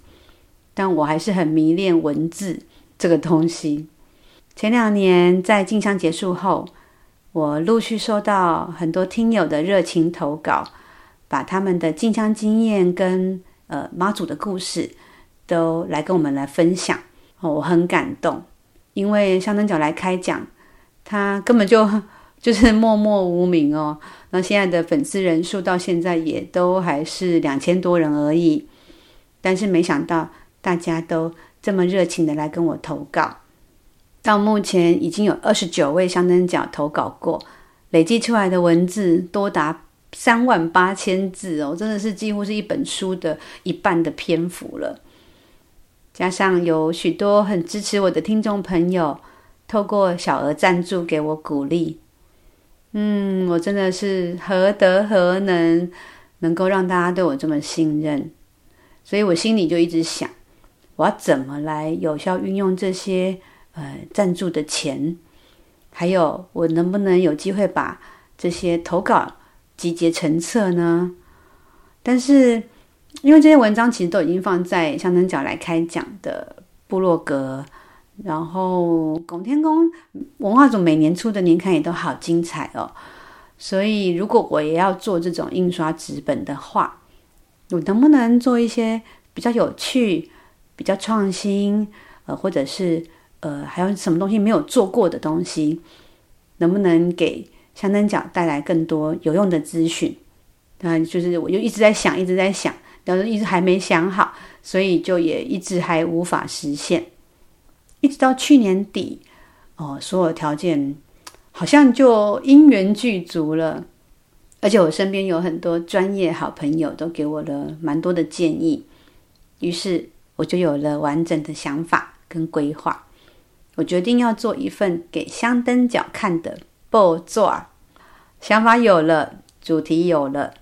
但我還是很迷戀文字這個東西。前兩年在進香結束後，我陸續收到很多聽友的熱情投稿，把他們的進香經驗跟呃媽祖的故事都來跟我們來分享。我很感動，因為香燈腳來開講，它根本就。就是默默無名哦，那現在的粉絲人數到現在也都還是兩千多人而已，但是沒想到大家都這麼熱情的來跟我投稿，到目前已經有二十九位香燈腳投稿過，累計出來的文字多達三萬八千字哦，真的是幾乎是一本書的一半的篇幅了，加上有許多很支持我的聽眾朋友透過小額贊助給我鼓勵。嗯，我真的是何德何能，能夠讓大家對我這麼信任，所以我心裡就一直想，我要怎麼來有效運用這些呃贊助的錢，還有我能不能有機會把這些投稿集結成冊呢？但是，因為這些文章其實都已經放在香燈腳來開講的部落格。然後，拱天宮文化組每年出的年刊也都好精彩哦。所以，如果我也要做這種印刷紙本的話，我能不能做一些比較有趣、比較創新，呃，或者是呃，還有什麼東西沒有做過的東西，能不能給香燈腳帶來更多有用的資訊？嗯、呃，就是我就一直在想，一直在想，但是一直還沒想好，所以就也一直還無法實現。一直到去年底，哦，所有條件好像就因緣具足了，而且我身邊有很多專業好朋友都給我了蠻多的建議，於是我就有了完整的想法跟規劃。我決定要做一份給香燈腳看的報作，想法有了，主題有了，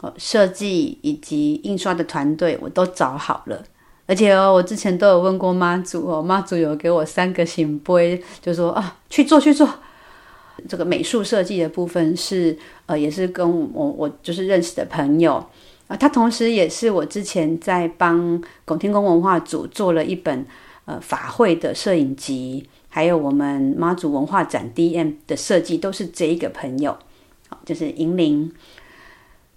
哦，設計以及印刷的團隊我都找好了。而且哦，我之前都有問過媽祖哦，媽祖有給我三個聖杯，就說啊，去做去做。這個美術設計的部分是，呃，也是跟我我就是認識的朋友啊，他同時也是我之前在幫拱天宮文化組做了一本呃法會的攝影集，還有我們媽祖文化展 DM 的設計，都是這一個朋友，就是銀鈴。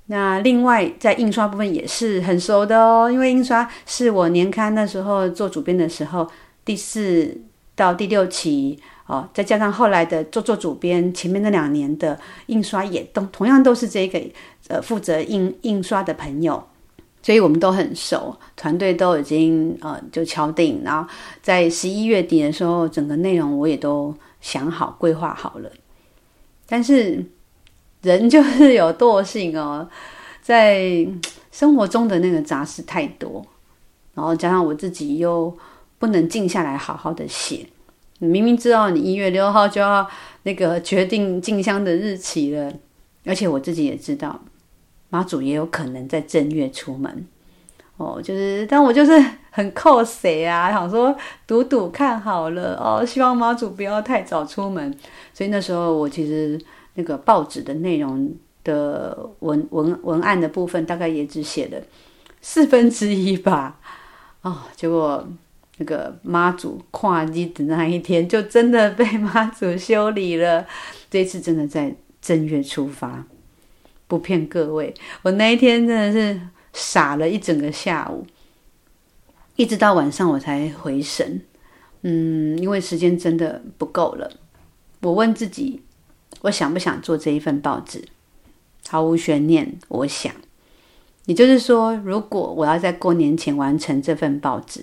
那另外，在印刷部分也是很熟的哦，因為印刷是我年刊那時候做主編的時候，第四到第六期哦，再加上後來的做做主編前面那兩年的印刷也都同樣都是這個呃負責印印刷的朋友，所以我們都很熟，團隊都已經呃就敲定，然後在十一月底的時候，整個內容我也都想好規劃好了，但是。人就是有惰性哦，在生活中的那個雜事太多，然後加上我自己又不能靜下來好好的寫，你明明知道你一月六號就要那個決定進香的日期了，而且我自己也知道，媽祖也有可能在正月出門哦，就是但我就是很靠誰啊，想說賭賭看好了哦，希望媽祖不要太早出門，所以那時候我其實那個報紙的內容的文文文案的部分，大概也只寫了四分之一吧。哦，結果那個媽祖跨機的那一天，就真的被媽祖修理了。這次真的在正月出發。不騙各位，我那一天真的是傻了一整個下午，一直到晚上我才回神。嗯，因為時間真的不夠了，我問自己。我想不想做這一份報紙？毫無懸念，我想。也就是說，如果我要在過年前完成這份報紙，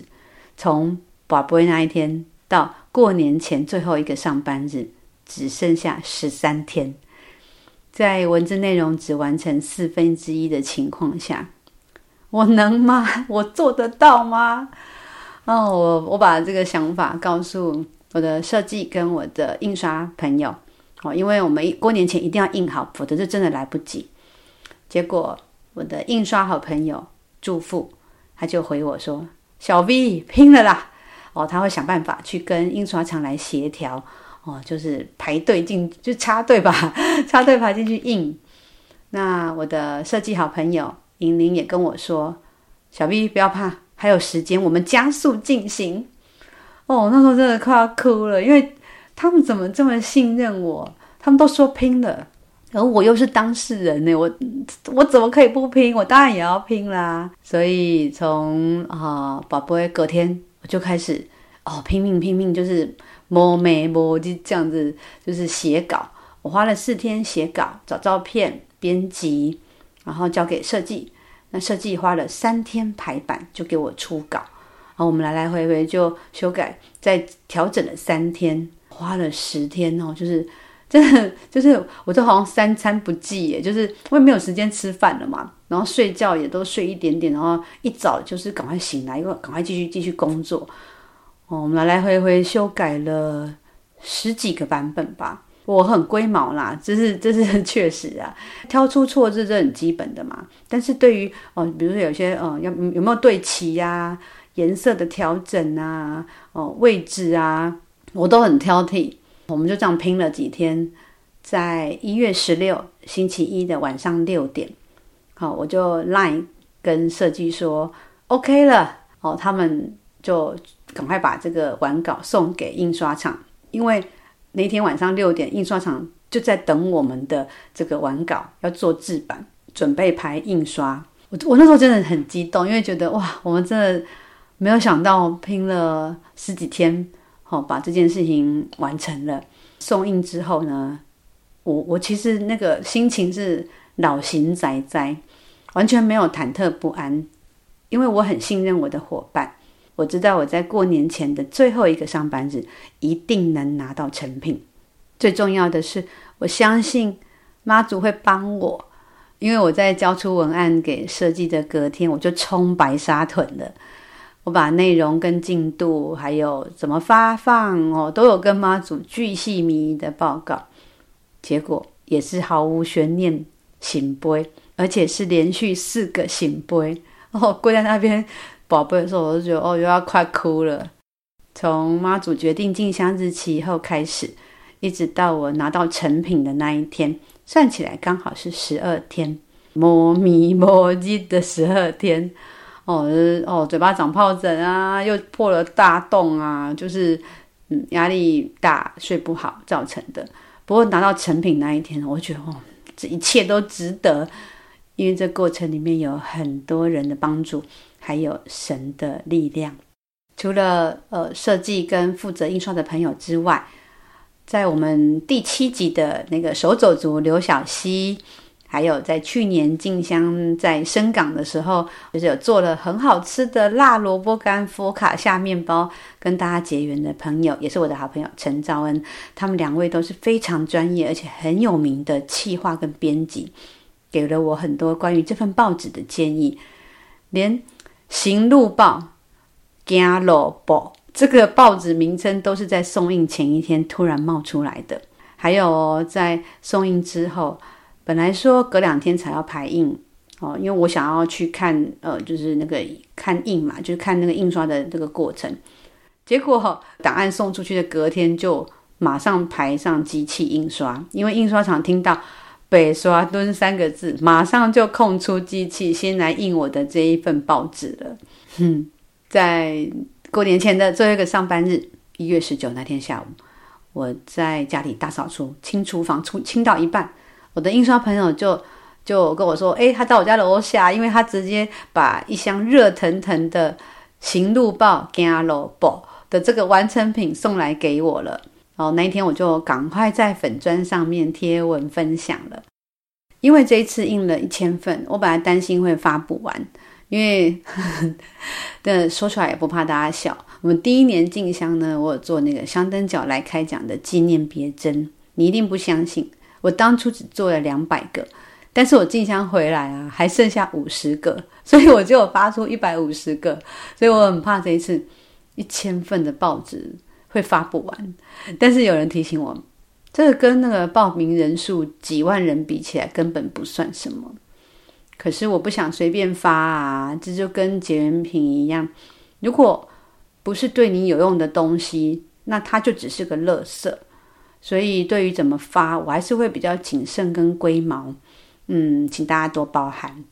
從跋杯那一天到過年前最後一個上班日，只剩下十三天，在文字內容只完成四分之一的情況下，我能嗎？我做得到嗎？哦，我我把這個想法告訴我的設計跟我的印刷朋友。哦，因為我們一過年前一定要印好，否則就真的來不及。結果我的印刷好朋友祝福他就回我說：“小 V 拼了啦！”哦，他會想辦法去跟印刷廠來協調，哦，就是排隊進就插隊吧，插隊排進去印。那我的設計好朋友銀玲也跟我說：“小 V 不要怕，還有時間，我們加速進行。”哦，那時候真的快要哭了，因為。他們怎麼這麼信任我？他們都說拼了，而我又是當事人呢、欸，我我怎麼可以不拼？我當然也要拼啦！所以從啊，寶、哦、貝隔天我就開始哦，拼命拼命，就是摸眉毛，就這，這樣子，就是寫稿。我花了四天寫稿，找照片、編輯，然後交給設計。那設計花了三天排版，就給我出稿。然後我們來來回回就修改，再調整了三天。花了十天哦，就是真的，就是我這好像三餐不繼耶，就是我也沒有時間吃飯了嘛，然後睡覺也都睡一點點，然後一早就是趕快醒來，又趕快繼續繼續工作。哦，我們來來回回修改了十幾個版本吧，我很龜毛啦，這是這是很確實啊，挑出錯字是很基本的嘛，但是對於哦，比如說有些嗯，要、哦、有，有沒有對齊呀、啊，顏色的調整啊，哦，位置啊。我都很挑剔，我們就這樣拼了幾天，在一月十六星期一的晚上六點，好，我就 line 跟設計說 OK 了，哦，他們就趕快把這個完稿送給印刷廠，因為那天晚上六點，印刷廠就在等我們的這個完稿要做制版，準備排印刷。我我那時候真的很激動，因為覺得哇，我們真的沒有想到拼了十幾天。好、哦，把這件事情完成了。送印之後呢，我我其實那個心情是老神在在，完全沒有忐忑不安，因為我很信任我的夥伴，我知道我在過年前的最後一個上班日一定能拿到成品。最重要的是，我相信媽祖會幫我，因為我在交出文案給設計的隔天，我就衝白沙屯了。我把內容跟進度，還有怎麼發放哦，都有跟媽祖巨細靡遺的報告。結果也是毫無懸念醒杯，而且是連續四個醒杯哦。跪在那邊寶貝的時候，我就覺得哦，又要快哭了。從媽祖決定進香日期以後開始，一直到我拿到成品的那一天，算起來剛好是十二天，摩米摩日的十二天。哦哦，嘴巴長疱疹啊，又破了大洞啊，就是嗯壓力大睡不好造成的。不過拿到成品那一天，我覺得哦，這一切都值得，因為這過程裡面有很多人的幫助，還有神的力量。除了呃設計跟負責印刷的朋友之外，在我們第七集的那個手走族劉曉溪。還有，在去年進香在深港的時候，就是有做了很好吃的辣蘿蔔乾佛卡夏麵包，跟大家結緣的朋友，也是我的好朋友陳兆恩。他們兩位都是非常專業而且很有名的企劃跟編輯，給了我很多關於這份報紙的建議。連行《行路報》《薑蘿蔔》這個報紙名稱都是在送印前一天突然冒出來的。還有，在送印之後。本來說隔兩天才要排印哦，因為我想要去看呃，就是那個看印嘛，就是看那個印刷的這個過程，結果哦，檔案送出去的隔天就馬上排上機器印刷，因為印刷廠聽到白沙屯三個字，馬上就空出機器，先來印我的這一份報紙了。嗯，在過年前的最後一個上班日，一月十九那天下午，我在家裡大掃除，清廚房，出清到一半，我的印刷朋友就就跟我說：“哎、欸，他到我家樓下，因為他直接把一箱熱騰騰的《行路報》、《行路報》的這個完成品送來給我了。”哦，那一天我就趕快在粉專上面貼文分享了。因為這一次印了一千份，我本來擔心會發不完，因為呵呵，對說出來也不怕大家笑。我們第一年進香呢，我有做那個香燈腳來開講的紀念別針，你一定不相信。我當初只做了兩百個，但是我進香回來啊，還剩下五十個，所以我只有發出一百五十個，所以我很怕這一次一千份的報紙會發不完。但是有人提醒我，這個跟那個報名人數幾萬人比起來，根本不算什麼。可是我不想隨便發啊，這就跟結緣品一樣，如果不是對你有用的東西，那它就只是個垃圾。所以，對於怎麼發，我還是會比較謹慎跟龜毛，嗯，請大家多包涵。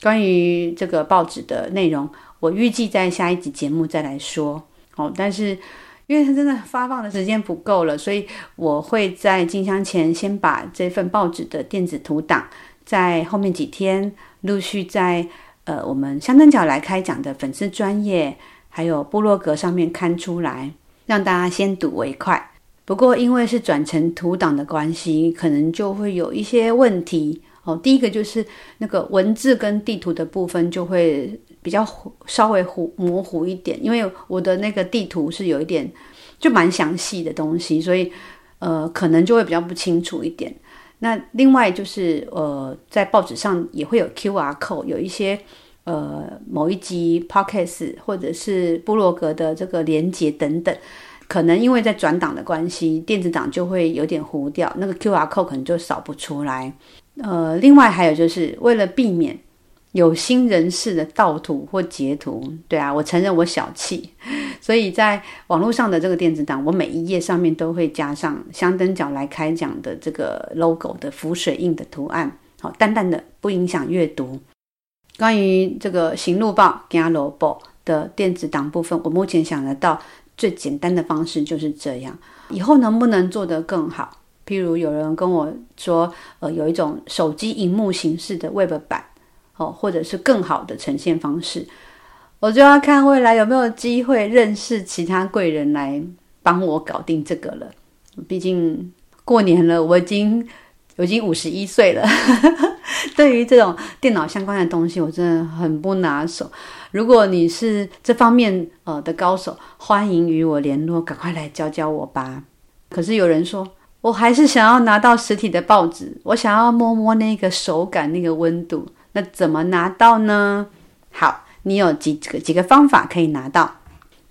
關於這個報紙的內容，我預計在下一集節目再來說。哦，但是，因為它真的發放的時間不夠了，所以我會在進香前，先把這份報紙的電子圖檔，在後面幾天陸續在呃，我們香燈腳來開講的粉絲專頁還有部落格上面刊出來，讓大家先睹為快。不過，因為是轉成圖檔的關係，可能就會有一些問題哦。第一個就是那個文字跟地圖的部分就會比較稍微糊模糊一點，因為我的那個地圖是有一點就蠻詳細的東西，所以呃可能就會比較不清楚一點。那另外就是呃在報紙上也會有 QR code，有一些呃某一集 Podcast 或者是部落格的這個連結等等。可能因為在轉檔的關係，電子檔就會有點糊掉，那個 QR code 可能就掃不出來。呃，另外還有就是為了避免有心人士的盜圖或截圖，對啊，我承認我小氣，所以在網絡上的這個電子檔，我每一頁上面都會加上香燈腳來開講的這個 logo 的浮水印的圖案，好淡淡的，不影響閱讀。關於這個《行路報》《薑蘿 o 的電子檔部分，我目前想得到。最簡單的方式就是這樣。以後能不能做得更好？譬如有人跟我說，呃，有一種手機熒幕形式的 Web 版，哦，或者是更好的呈現方式，我就要看未來有沒有機會認識其他貴人來幫我搞定這個了。畢竟過年了，我已經我已經五十一歲了， *laughs* 對於這種電腦相關的東西，我真的很不拿手。如果你是這方面呃的高手，歡迎與我聯絡，趕快來教教我吧。可是有人說，我還是想要拿到實體的報紙，我想要摸摸那個手感、那個溫度，那怎麼拿到呢？好，你有幾個幾個方法可以拿到。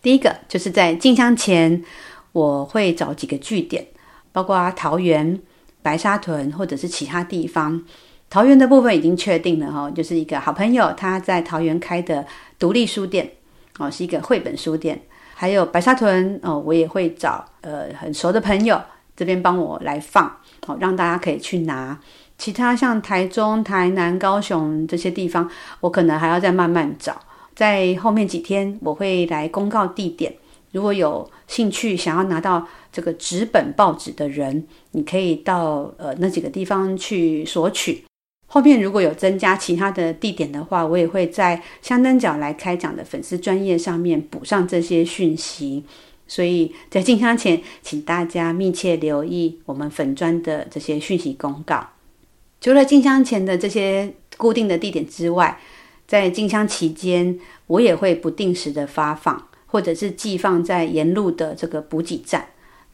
第一個就是在進香前，我會找幾個據點，包括桃園、白沙屯或者是其他地方。桃園的部分已經確定了哈，就是一個好朋友他在桃園開的。獨立書店，哦，是一個繪本書店，還有白沙屯哦，我也會找呃很熟的朋友這邊幫我來放，好、哦、讓大家可以去拿。其他像台中、台南、高雄這些地方，我可能還要再慢慢找。在後面幾天我會來公告地點，如果有興趣想要拿到這個紙本報紙的人，你可以到呃那幾個地方去索取。後面如果有增加其他的地點的話，我也會在香燈腳來開講的粉絲專頁上面補上這些訊息。所以在進香前，請大家密切留意我們粉專的這些訊息公告。除了進香前的這些固定的地點之外，在進香期間，我也會不定時的發放，或者是寄放在沿路的這個補給站。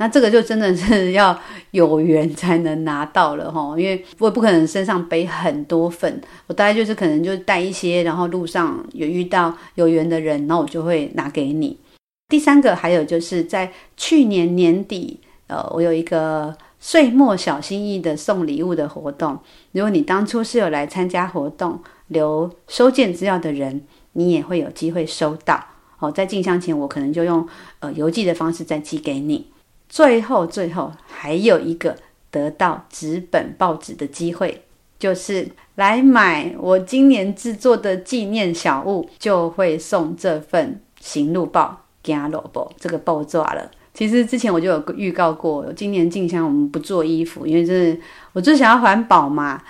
那這個就真的是要有緣才能拿到了齁，因為我也不可能身上背很多份，我大概就是可能就帶一些，然後路上有遇到有緣的人，然後我就會拿給你。第三個還有就是在去年年底，呃，我有一個歲末小心意的送禮物的活動，如果你當初是有來參加活動留收件資料的人，你也會有機會收到哦。在進香前，我可能就用呃郵寄的方式再寄給你。最後，最後還有一個得到紙本報紙的機會，就是來買我今年制作的紀念小物，就會送這份行路報給阿 b o 這個報作了。其實之前我就有預告過，今年靜香我們不做衣服，因為就是我就想要環保嘛，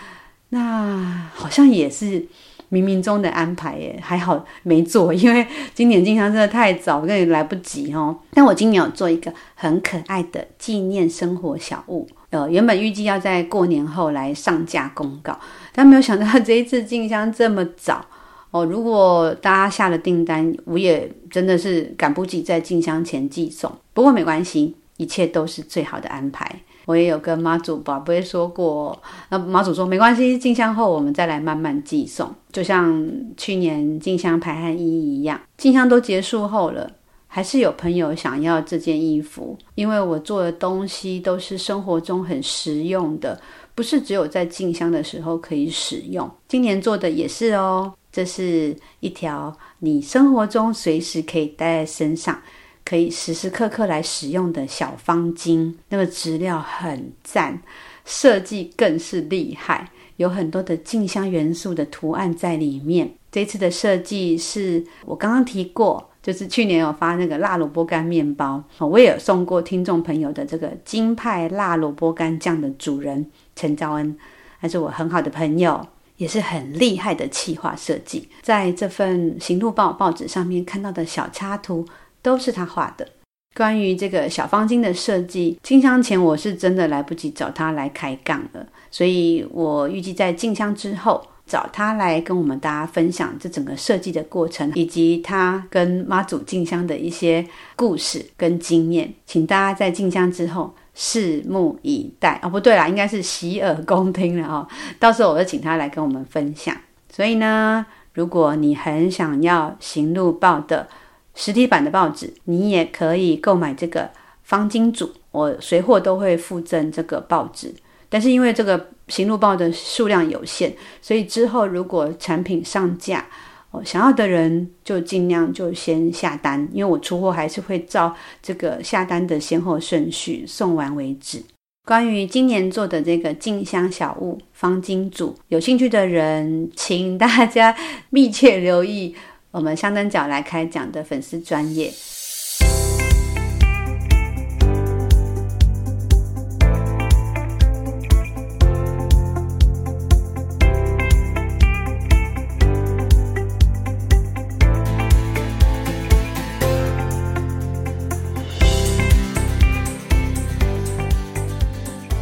那好像也是。冥冥中的安排耶，還好沒做，因為今年進香真的太早，根本來不及哦。但我今年有做一個很可愛的紀念生活小物，呃，原本預計要在過年後來上架公告，但沒有想到這一次進香這麼早哦，呃，如果大家下了訂單，我也真的是趕不及在進香前寄送。不過沒關係，一切都是最好的安排。我也有跟媽祖寶貝說過。那媽祖說沒關係，進香後我們再來慢慢寄送。就像去年進香排汗衣一樣，進香都結束後了，還是有朋友想要這件衣服，因為我做的東西都是生活中很實用的，不是只有在進香的時候可以使用。今年做的也是哦，這是一條你生活中隨時可以戴在身上，可以時時刻刻來使用的小方巾，那個質料很讚，設計更是厲害，有很多的進香元素的圖案在裡面。這一次的設計是我剛剛提過，就是去年有發那個辣蘿蔔乾麵包，我也有送過聽眾朋友的這個金派辣蘿蔔乾醬的主人陳昭恩，還是我很好的朋友，也是很厲害的企劃設計。在這份《行路報》報紙上面看到的小插圖。都是他畫的。關於這個小方巾的設計，進香前我是真的來不及找他來開講了，所以我預計在進香之後找他來跟我們大家分享這整個設計的過程，以及他跟媽祖進香的一些故事跟經驗，請大家在進香之後拭目以待。哦，不對啦，應該是洗耳恭聽了哦，到時候我就請他來跟我們分享。所以呢，如果你很想要行路報的。實體版的報紙，你也可以購買這個方巾組，我隨貨都會附贈這個報紙。但是因為這個《行路報》的數量有限，所以之後如果產品上架，哦，想要的人就盡量就先下單，因為我出貨還是會照這個下單的先後順序送完為止。關於今年做的這個進香小物方巾組，有興趣的人，請大家密切留意。我們香燈腳來開講的粉絲專頁。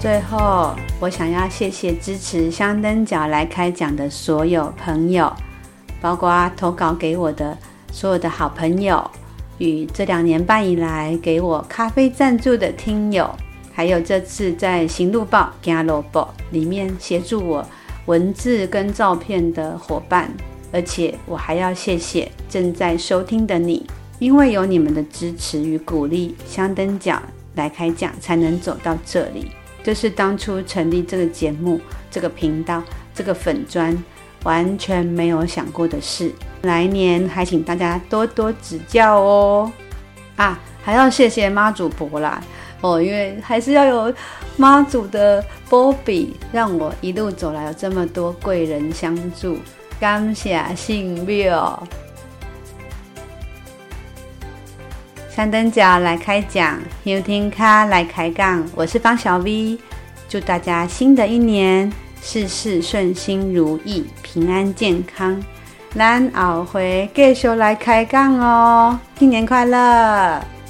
最後，我想要謝謝支持香燈腳來開講的所有朋友。包括投稿給我的所有的好朋友，與這兩年半以來給我咖啡贊助的聽友，還有這次在《行路報》《行路報》裡面協助我文字跟照片的夥伴，而且我還要謝謝正在收聽的你，因為有你們的支持與鼓勵，香燈腳來開講才能走到這裡。這，就是當初成立這個節目、這個頻道、這個粉專，完全沒有想過的事，來年還請大家多多指教哦！啊，還要謝謝媽祖婆啦哦，因為還是要有媽祖的保庇，讓我一路走來有這麼多貴人相助，感謝幸運。香燈腳來開講，有聽卡來開槓，我是方小 V，祝大家新的一年！事事順心如意，平安健康，難熬回，繼續來開講哦！新年快樂！